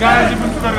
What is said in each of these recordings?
Gaay yi ci buntu kër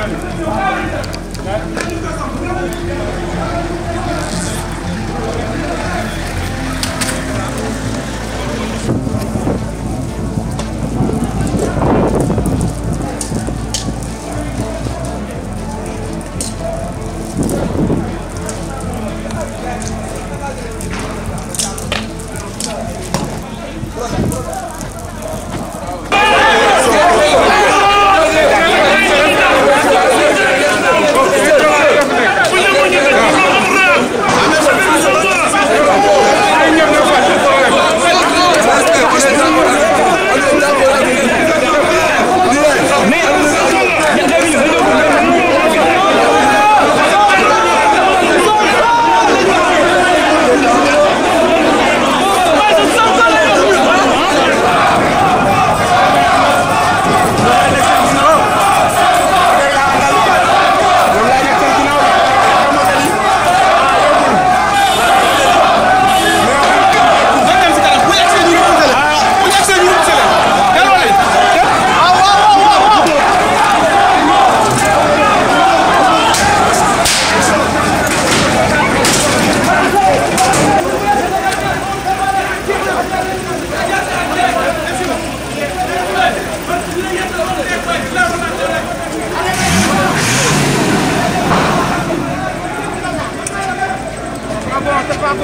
xeer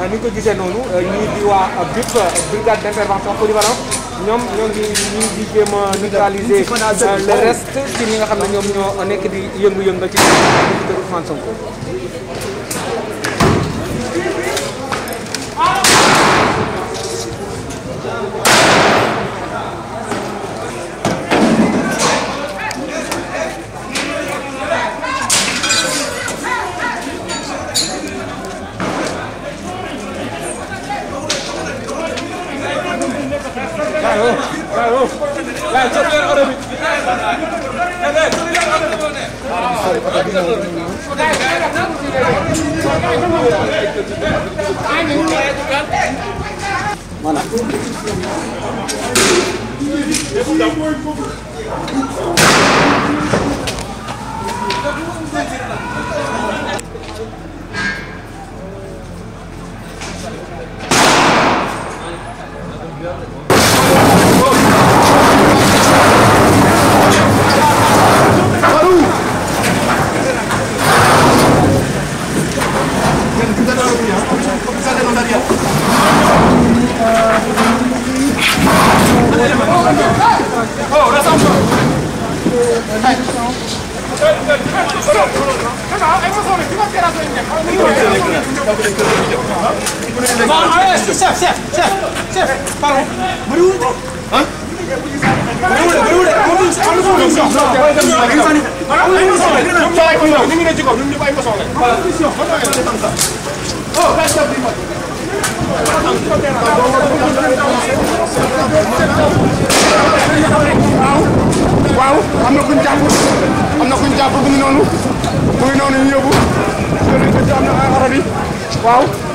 ni ñu ko gisee noonu ñii di waa brigade d'intervention polyvalente ñoom ñoo ngi ñu ngi jéem a neutraliser euh, le reste ci ñi nga xam ne ñoom ñoo nekk di yëngu-yëngu ci kër Ousmane ko chef chef chef chef pardon bëriwul de. ah bëriwul de bëriwul de amatuñu si amatuñu si wax. waaw am na ku ñu jàpp am na ku ñu jàpp bu ñu noonu bu ñu noonu ñu yóbbu am na ay arab yi waaw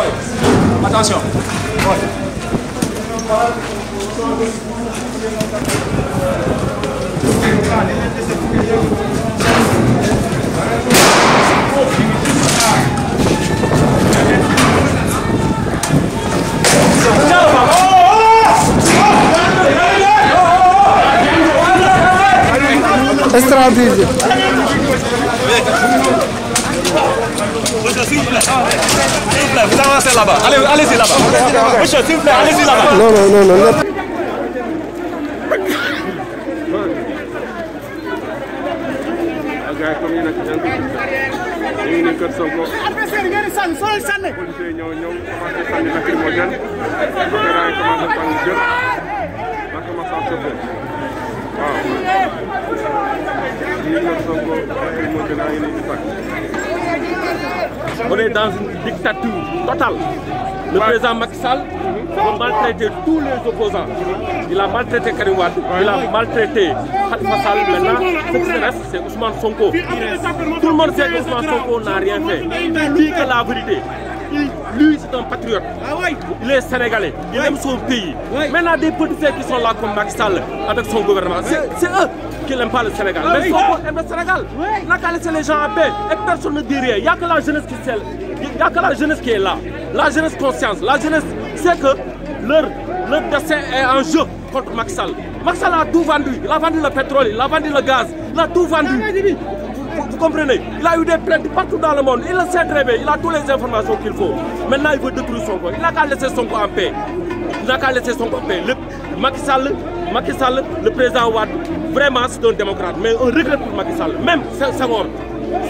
boy attention boy. stratégie vous avancez là-bas. Allez, allez-y là-bas. Monsieur, s'il vous plaît, allez-y là-bas. Non, non, non, non. gaay comme yéen ak yéen ñu ngi nii kër Sonko. adversaire yi ngeen di sànni soo leen sànni. policier ñëw ñëw commencé sànni lacrymogène. opéra yi commencé sànni jël. ma commencé à sauver. waaw. ñu ngi kër Sonko lacrymogène a ngi nii di tàkk. on est dans une dictature totale. Le président Macky Sall a maltraité tous les opposants. Il a maltraité Karim Wade, il a maltraité Sonko. Tout le monde sait Sonko n'a rien fait. Il dit lui, c'est un patriote. Ah il est il aime son pays. Maintenant, des politiciens qui sont là comme Macky avec son gouvernement, c'est eux qui n'aiment le Sénégal. Ah Mais son peuple aime n'a qu'à les gens en paix et personne ne dit rien. Il n'y a que la jeunesse qui a que la jeunesse qui est leur, leur destin est en jeu contre Macky Sall. Macky a tout vendu. Il a vendu le pétrole, il a vendu le gaz, il a tout vendu. Ah, vous, vous, comprenez Il a eu des plaintes partout dans le monde. Il le sait très bien. Il a toutes les informations qu'il faut. Maintenant, il veut détruire son corps. Il n'a qu'à laisser son corps en Le, Macky Sall, Macky Sall, le président Ouad, vraiment, c'est un démocrate. Mais on regrette pour Macky Sall. Même Senghor,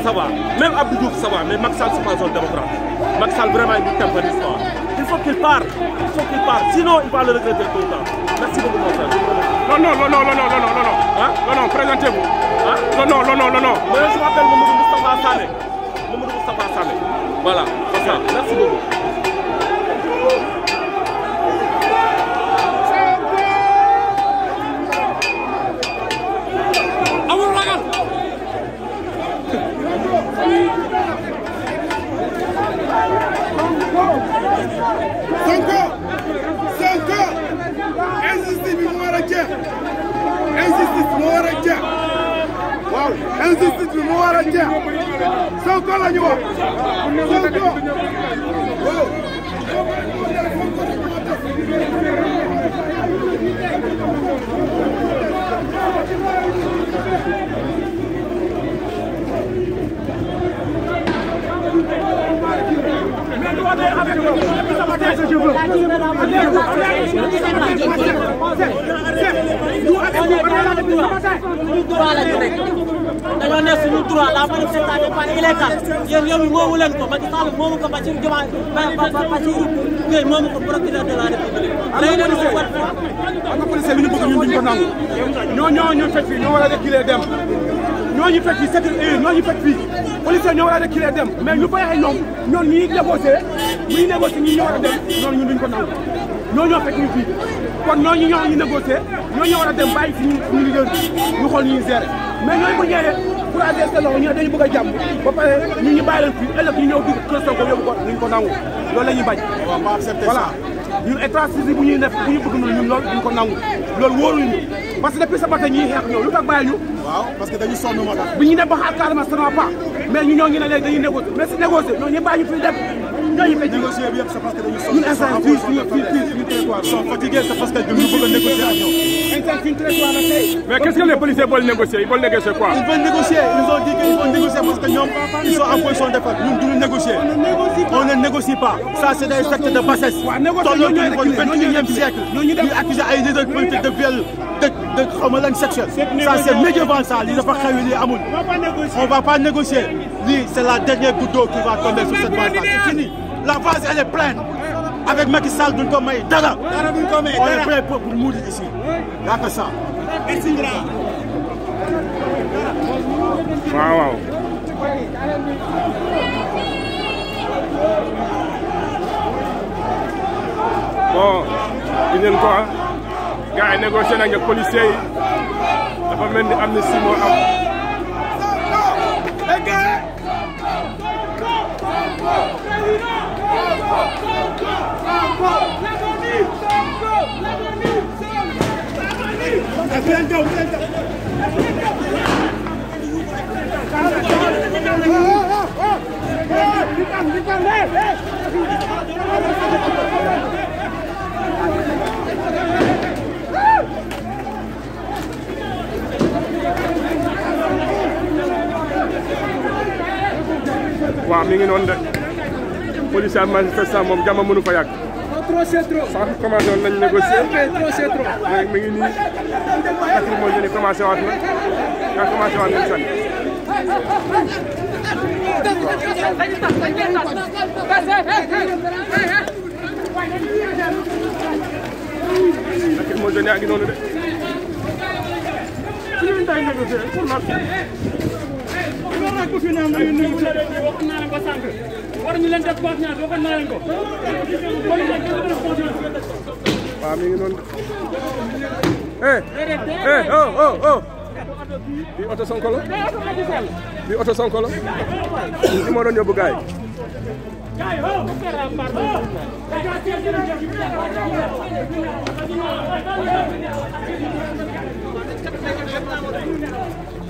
ça va. Même Abdou Diouf, ça va. Mais Macky Sall, c'est pas un démocrate. Macky Sall, vraiment, il est un Il faut qu'il parte. non non non non non non non non. ah non non présentez-vous. ah non non non non non. mais je m'appelle Mamadou Moustapha Sané Mamadou Moustapha Sané voilà c'est ça merci beaucoup. Sonko! injustice bi moo war a jeex injustice moo war a jeex waaw injustice bi moo war a jeex Sonko la ñu wax Sonko waaw suñu droit la ñu nekk dañoo ne suñu droit la manifestation par illégal yéen yow moomu leen ko Macky Sall moomu ko Bassirou Diomaye Bassirou Gueye moomu ko procureur de la République léegi nag ñu war am na policier li ñu bëgg ñun duñ ko nangu ñoo ñoo ñu fekk fii ñoo war a reculer dem ñoo ñu fekk fii c'est une ñoo ñu fekk fii policier ñoo war a reculer dem mais ñu bàyyi ñoom ñoom ñuy négocier muy négocier ñi ñoo war a dem ñoom ñun duñ ko nangu ñoo ñoo fekk ñu fii kon ñooñu ñoo ñu négocié ñoo ñu war a dem bàyyi suñu suñu liggéey ñu xool ñu gérer ñooñu bu ñëwee pour adressé loxo ñu ne dañu bëgg a jàmm ba pare ñu ñu bàyyi leen ñu ñëw dugg kër Sonko yóbbu ko duñ ko nangu loolu la ñuy bañ. voilà ñun étranger bu ñu bëgg ko nangu loolu wóoruñu parce que depuis ce matin ñuy xeex ñoom lu ñu. waaw parce que ñu ñoo ngi ne léegi dañuy négocier mais si négocier ñu négocier bi yëpp c'est parce que dañu sonn. instant fii fii fii fii territoire sont fatigués a négocier ak ñoom. instant fii territoire la tey. mais qu'est-ce que les policiers veulent négocier ils veulent négocier quoi. ils veulent négocier ils ont dit qu'ils vont négocier parce que ñoom ils sont en position de défaite ñun duñu négocier. ay leaders politiques de viol de de xaw ma lan médiéval ça li dafa xew li amul. on va pas négocier lii c'est la dernière goutte d'eau va tomber sur cette base là c'est fini. la phase elle est pleine avec Macky Sall duñ ko may dara. dara duñ ko may dara on est prêt pour pour mourir ici a que ça. merci. Ah. yi négocié nañ ak policiers am. Go! Go! waaw mi ngi noonu de police ak manifestant moom jàmm mënu fa yàgg. trop c'est trop. sànq commencé woon nañu négocier. trop c'est trop. mi ngi nii affaire mooy ñu ne commencé waat na nga commencé waat nañu sànni. affaire mooy ñu ne yaa ngi noonu de. ko fi naan ñu ñu waxoon naa leen ko sànq war ñu leen def confiance waxoon naa leen ko kon nag dañu def confiance waaw mi ngi noonu eh eh oh oh oh bi oto Sonko la bi oto Sonko la li moo doon yóbbu gaay gaay